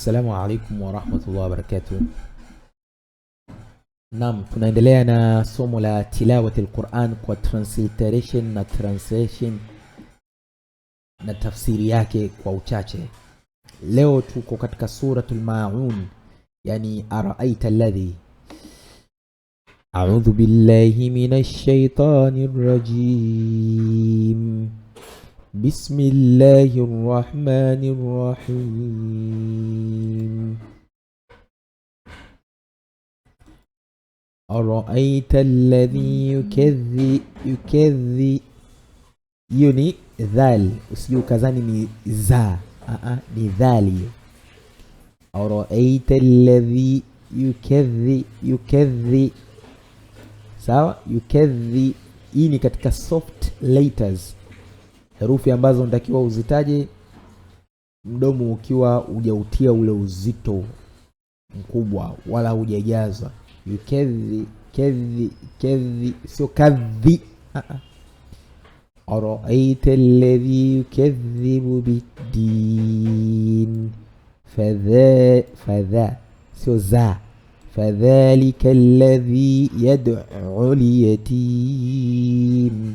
Assalamu alaikum warahmatullahi wabarakatuh. Naam, tunaendelea na somo la tilawati lquran kwa transliteration na translation na tafsiri yake kwa uchache. Leo tuko katika surat lmaun yani araaita ladhi A'udhu billahi min shaitani rajim بسم الله الرحمن الرحيم أرأيت الذي يكذب يكذب يوني ذال أسيو كزاني ني زا أه, آه، ني ذالي أرأيت الذي يكذب يكذب سوا يكذب إني كتك soft letters herufi ambazo unatakiwa uzitaje mdomo ukiwa hujautia ule uzito mkubwa wala hujajaza kedhi kedhi kedhi sio kadhi araita alladhi yukadhibu bidin fadha fadha, sio za fadhalika alladhi yad'u al yatim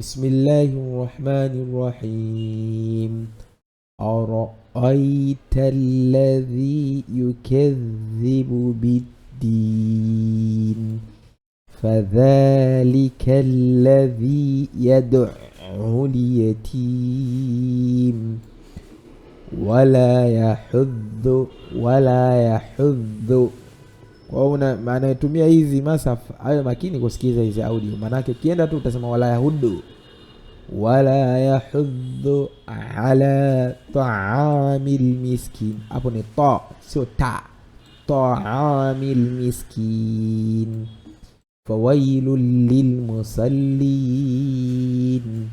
بسم الله الرحمن الرحيم أرأيت الذي يكذب بالدين فذلك الذي يدعو اليتيم ولا يحض ولا يحض Kwa una maana hizi masafa, awe makini kusikiza hizi audio, maanake ukienda tu utasema wala yahudu wala yahudhu ala taamil miskin. Hapo ni ta, sio ta. Taamil miskin fawailun lilmusallin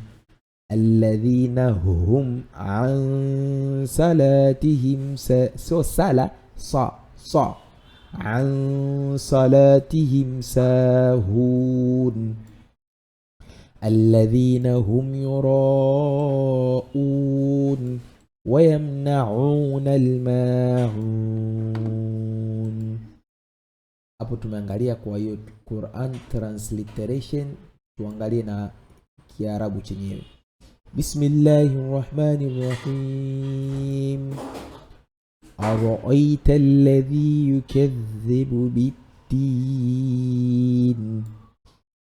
alladhina hum an salatihim, sio sala sa sa عن صلاتهم ساهون الذين هم يراءون wayamnauna almaun. Hapo tumeangalia kwa hiyo Quran transliteration, tuangalie na Kiarabu chenyewe. Bismillahir Rahmanir Rahim. أرأيت الذي يكذب بالدين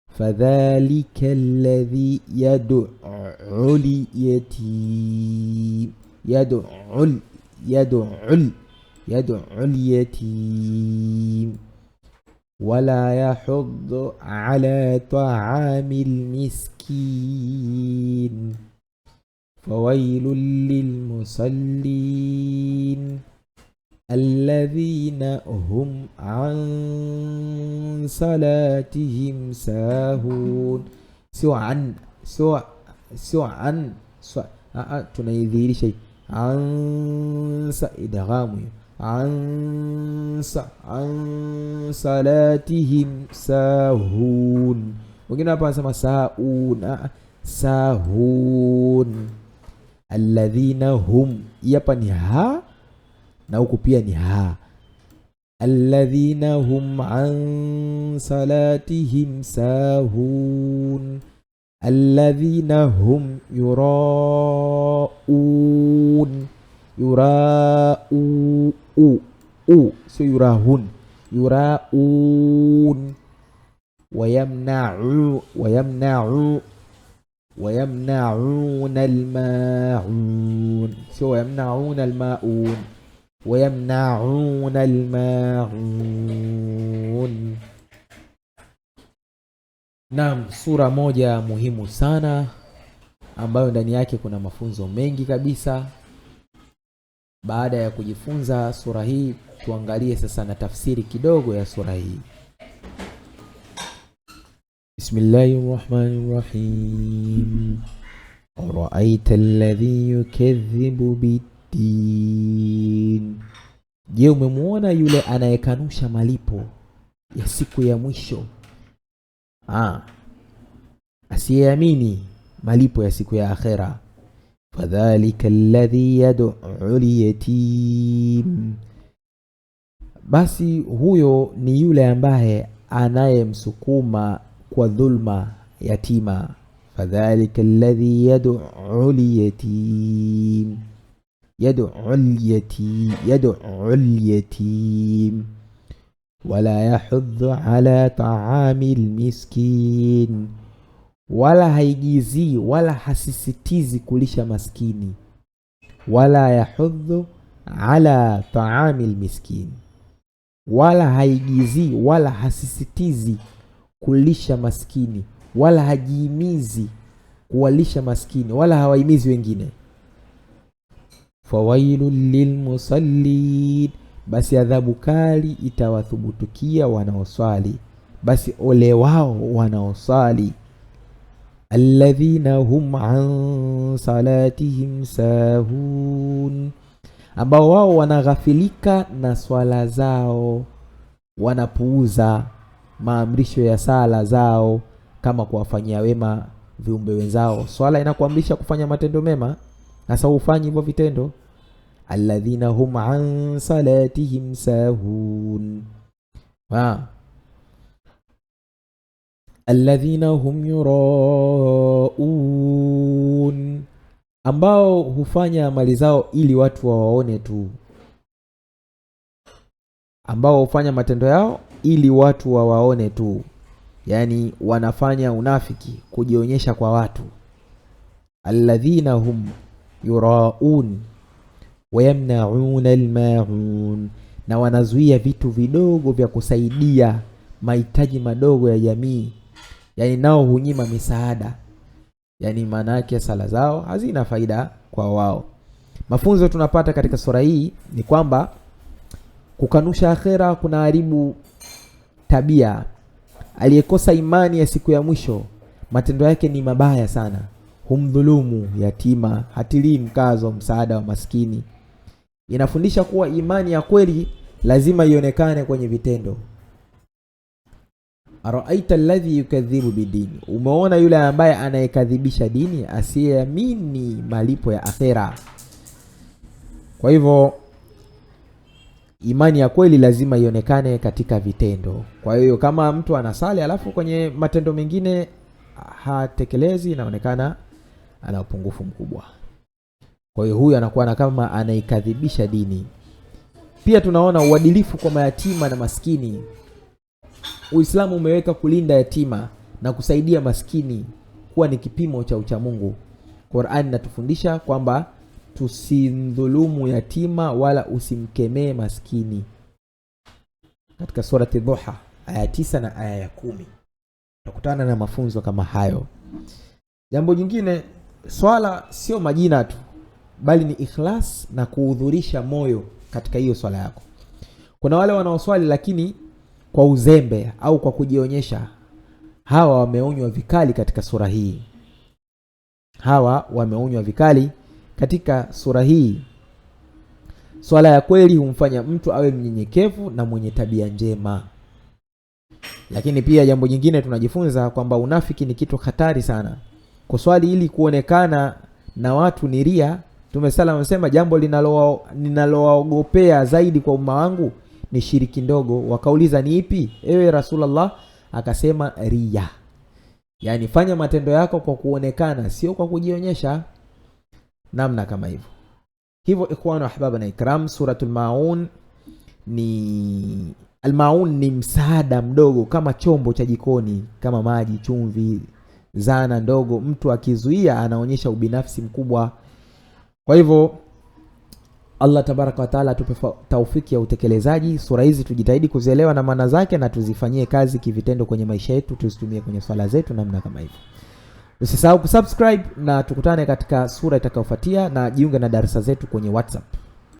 فذلك الذي يدعو اليتيم يدعو ال يدعو يدعو اليتيم ولا يحض على طعام المسكين فويل للمصلين الذين هم عن صلاتهم ساهون سوى عن سوى سوى عن سوى آه، آه، تنذير شيء عن إدغام عن صلاتهم ساهون ممكن أبقى سما ساهون آه، ساهون الذين هم يبني ها na huku pia ni ha. Alladhina hum an salatihim sahun, alladhina hum yuraun, yurau u u sio yurahun, yuraun ويمنعوا ويمنعوا ويمنعون الماعون سو يمنعون الماعون ويمنعون الماعون. Naam, sura moja muhimu sana ambayo ndani yake kuna mafunzo mengi kabisa. Baada ya kujifunza sura hii, tuangalie sasa na tafsiri kidogo ya sura hii. bismillahi rahmani Rahim. Araaita alladhi yukadhibu bid din. Je, umemwona yule anayekanusha malipo ya siku ya mwisho? Ah, asiyeamini malipo ya siku ya akhera. Fadhalika alladhi yad'u al-yatim, basi huyo ni yule ambaye anayemsukuma kwa dhulma yatima. Fadhalika alladhi yad'u al-yatim يدعو اليتيم يدعو اليتيم ولا يحض على طعام المسكين wala haigizii wala hasisitizi kulisha maskini. Wala يحض ala طعام المسكين wala هيجيزي wala hasisitizi kulisha maskini, wala hajiimizi kuwalisha maskini, wala hawaimizi wengine fawailul lilmusallin, basi adhabu kali itawathubutukia wanaoswali, basi ole wao wanaoswali. Alladhina hum an salatihim sahun, ambao wao wanaghafilika na swala zao, wanapuuza maamrisho ya sala zao, kama kuwafanyia wema viumbe wenzao. Swala inakuamrisha kufanya matendo mema sasa ufanyi hivyo vitendo, alladhina hum an salatihim sahun, alladhina hum yuraun, ambao hufanya mali zao ili watu wawaone tu, ambao hufanya matendo yao ili watu wawaone tu, yaani wanafanya unafiki kujionyesha kwa watu. alladhina hum yuraun wayamnaun almaun, na wanazuia vitu vidogo vya kusaidia mahitaji madogo ya jamii, yaani nao hunyima misaada, yani maana yake sala zao hazina faida kwa wao. Mafunzo tunapata katika sura hii ni kwamba kukanusha akhera kuna haribu tabia. Aliyekosa imani ya siku ya mwisho matendo yake ni mabaya sana humdhulumu yatima, hatilii mkazo msaada wa maskini. Inafundisha kuwa imani ya kweli lazima ionekane kwenye vitendo. Araaita alladhi yukadhibu bidini, umeona yule ambaye anayekadhibisha dini, asiyeamini malipo ya akhera. Kwa hivyo imani ya kweli lazima ionekane katika vitendo. Kwa hiyo kama mtu anasali alafu kwenye matendo mengine hatekelezi, inaonekana ana upungufu mkubwa. Kwa hiyo huyu anakuwa na kama anaikadhibisha dini. Pia tunaona uadilifu kwa mayatima na maskini. Uislamu umeweka kulinda yatima na kusaidia maskini kuwa ni kipimo cha uchamungu. Qur'an inatufundisha kwamba tusimdhulumu yatima wala usimkemee maskini, katika surati Dhuha aya tisa na aya ya kumi. Utakutana na mafunzo kama hayo. Jambo jingine swala sio majina tu, bali ni ikhlas na kuhudhurisha moyo katika hiyo swala yako. Kuna wale wanaoswali lakini kwa uzembe au kwa kujionyesha. Hawa wameonywa vikali katika sura hii, hawa wameonywa vikali katika sura hii. Swala ya kweli humfanya mtu awe mnyenyekevu na mwenye tabia njema. Lakini pia jambo jingine tunajifunza kwamba unafiki ni kitu hatari sana swali ili kuonekana na watu ni ria. Mtume sala amesema jambo linaloogopea zaidi kwa umma wangu ni shiriki ndogo. Wakauliza, ni ipi ewe Rasulullah? Akasema ria, yani fanya matendo yako kwa kuonekana, sio kwa kujionyesha. Namna kama hivyo hivyo. Ikhwan wa ahbaba na ikram, suratul maun ni almaun ni msaada mdogo kama chombo cha jikoni, kama maji, chumvi zana ndogo, mtu akizuia anaonyesha ubinafsi mkubwa. Kwa hivyo Allah tabaraka wa taala atupe taufiki ya utekelezaji. Sura hizi tujitahidi kuzielewa na maana zake na tuzifanyie kazi kivitendo kwenye maisha yetu, tuzitumie kwenye swala zetu, namna kama hivyo. Usisahau kusubscribe na tukutane katika sura itakayofuatia, na jiunge na darasa zetu kwenye WhatsApp.